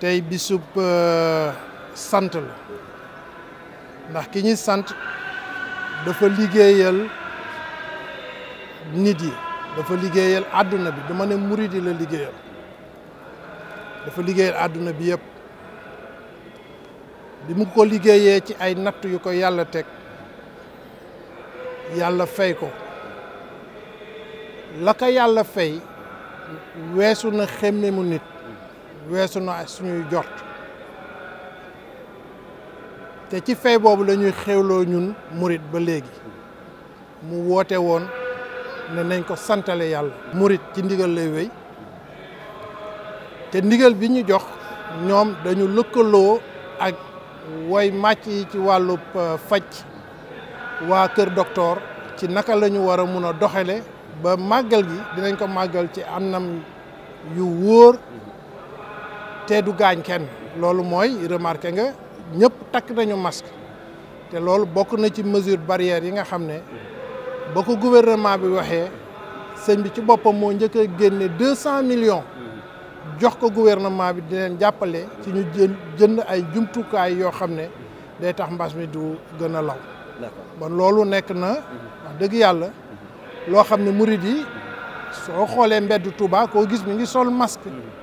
tey bisub euh, sant la ndax ki ñuy sant dafa liggéeyal nit yi dafa liggéeyal àdduna bi dama ne murid yi la liggéeyal dafa liggéeyal àdduna bi yëpp bi mu ko liggéeyee ci ay natt yu ko yàlla teg yàlla fay ko la ko yàlla fay weesu na xemme nit weesu na suñuy jot te ci fay boobu la ñuy xewloo ñun murit ba léegi mu woote woon ne nañ ko santale yàlla murit ci ndigal lay wéy te ndigal bi ñu jox ñoom dañu lëkkaloo ak way màcc yi ci wàllu euh, faj waa kër docteur ci naka lañu ñu war a mun a doxale ba màggal gi dinañ ko màggal ci anam yu wóor te du gaañ kenn loolu mooy remarqué nga ñëpp takk nañu masque te loolu bokk na ci mesure barrière yi nga xam ne ba ko gouvernement bi waxee sëñ bi ci boppam moo njëkk a génne deux cent millions jox ko gouvernement bi di leen jàppale ci ñu jënd ay jumtukaay yoo xam ne day tax mbas mi du gën a law bon loolu nekk na dëgg yàlla loo xam ne murid yi soo xoolee mbedd tubaa koo gis mi ngi sol masque mm-hmm.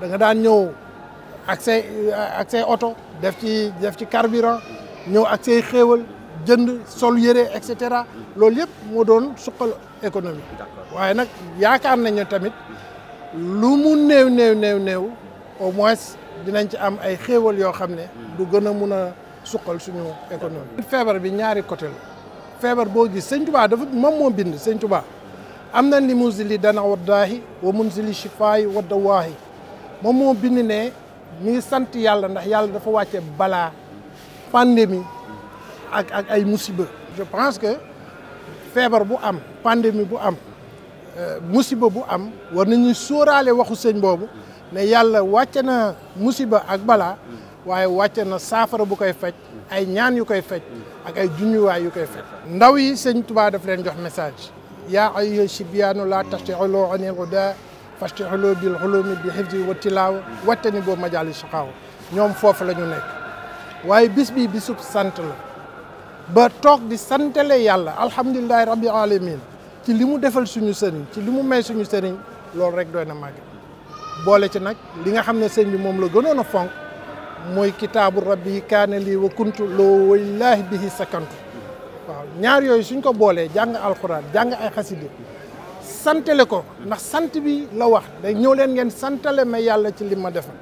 da nga daan ñëw ak say oto def ci def ci carburant ñëw ak say xéewal jënd sol yére et cetera loolu yëpp moo doon suqal économie waaye nag yaakaar nañu tamit lu mun néew néew néew néew au moins dinañ ci am ay xéewal yoo xam ne du gën a mun a suqal suñu économie feebar bi ñaari côté la feebar boo gis sëñ tubaa dafa moom moo bind sëñ tubaa am na li munzili dana waddaahi wa munzili shifaayi waddawaahi moom moo bind ne mi ngi sant yàlla ndax yàlla dafa wàcce balaa pandemi ak ak ay musiba. je pense que feebar bu am pandémie bu am euh, musiba bu am war nañu sooraale waxu sëñ boobu ne yàlla wàcce na musiba ak balaa waaye wàcce na saafara bu koy faj ay ñaan yu koy faj ak ay junniwaay yu koy faj. ndaw yi sëñ Tuubaa daf leen jox message. yaa ayyuha sibyaanu laa taxti'u anil hudaa fasti xuloo bil xuloomi bi xifdi wa tilaawa watte ni boobu majaali shaqaaw ñoom foofu la ñu nekk waaye bis bii bisub sant la ba toog di santale yàlla alhamdulilahi rabbi alamin ci li mu defal suñu sëriñ ci li mu may suñu sëriñ loolu rek doy na màgg boole ci nag li nga xam ne sëriñ bi moom la gënoon a fonk mooy kitaabu rabbi yi kaane lii wa kuntu loo wallaahi bihi sakantu waaw ñaar yooyu suñ ko boolee jàng alxuraan jàng ay xaside santale ko ndax sant bi la wax da ñëw leen ngeen santale ma yàlla ci li ma defal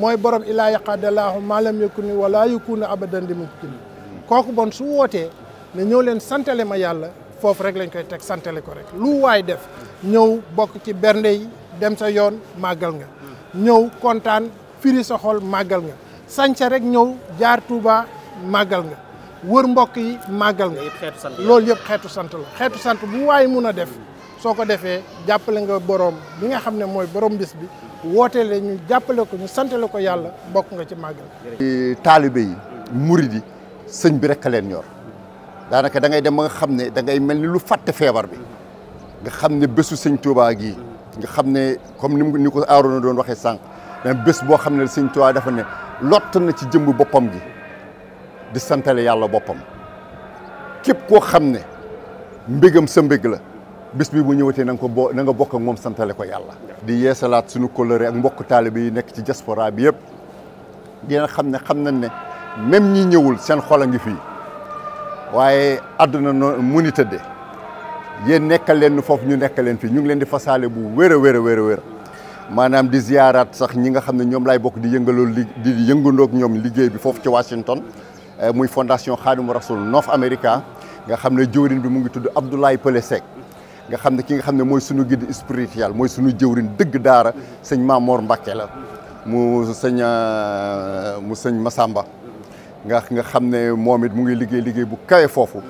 mooy borom ilaa yaqadalaahu maalam yakuni wala yakuna abadan di mumkin kooku bon su wootee ne ñëw leen santale ma yàlla foofu rek lañ koy teg santale ko rek lu waay def ñëw bokk ci bernde yi dem sa yoon màggal nga ñëw kontaan firi sa xol màggal nga sañse rek ñëw jaar Touba màggal nga wër mbokk yi màggal nga loolu yëpp xeetu sant xeetu sant bu waay mun a def soo ko defee jàppale nga boroom bi nga xam ne mooy boroom bis bi wootee ñu jàppale ko ñu santale ko yàlla bokk nga ci màggal taalibe yi murid yi sëñ bi rek a leen ñor daanaka da ngay dem ba nga xam ne dangay mel ni lu fàtte feebar bi nga xam ne bésu sëñ Tuubaa gii nga xam ne comme ni ni ko Arouna doon waxee sànq da bés boo xam ne sëñ Tuubaa dafa ne lott na ci jëmb boppam gi di santale yàlla boppam képp koo xam ne mbégam sa mbég la bis bi bu ñëwatee na nga ko boo na bokk moom santale ko yàlla. di yeesalaat suñu kóllëre ak mbokk taalibe yi nekk ci diaspora bi yëpp dina xam ne xam nañ ne même ñi ñëwul seen xol a ngi fii waaye adduna noonu mu ni de yéen nekkal leen foofu ñu nekkal leen fii ñu ngi leen di fasaale bu wér a wér a maanaam di ziyaaraat sax ñi nga xam ne ñoom laay bokk di yëngalool li di yëngandoog ñoom liggéey bi foofu ci Washington eh, muy fondation Xaadimu Rasul North America nga xam ne jëwriñ bi mu ngi tudd Abdoulaye Pelé Seck nga xam ne ki nga xam ne mooy sunu guide spirituel mooy sunu jëwrin dëgg daara sëñ Maamoor Mbàkke la mu sëñ euh, mu sëñ Masamba nga nga xam ne moom it mu ngi liggéey liggéey bu kawe foofu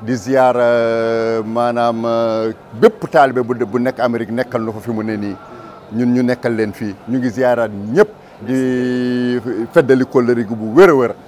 di ziar euh, maanaam euh, bépp taalibe bu bu nekk Amérique nekkal na ko fi mu ne nii ñun ñu nekkal leen fii ñu ngi ziaraat ñëpp di feddali kóllëre gu bu wér a wér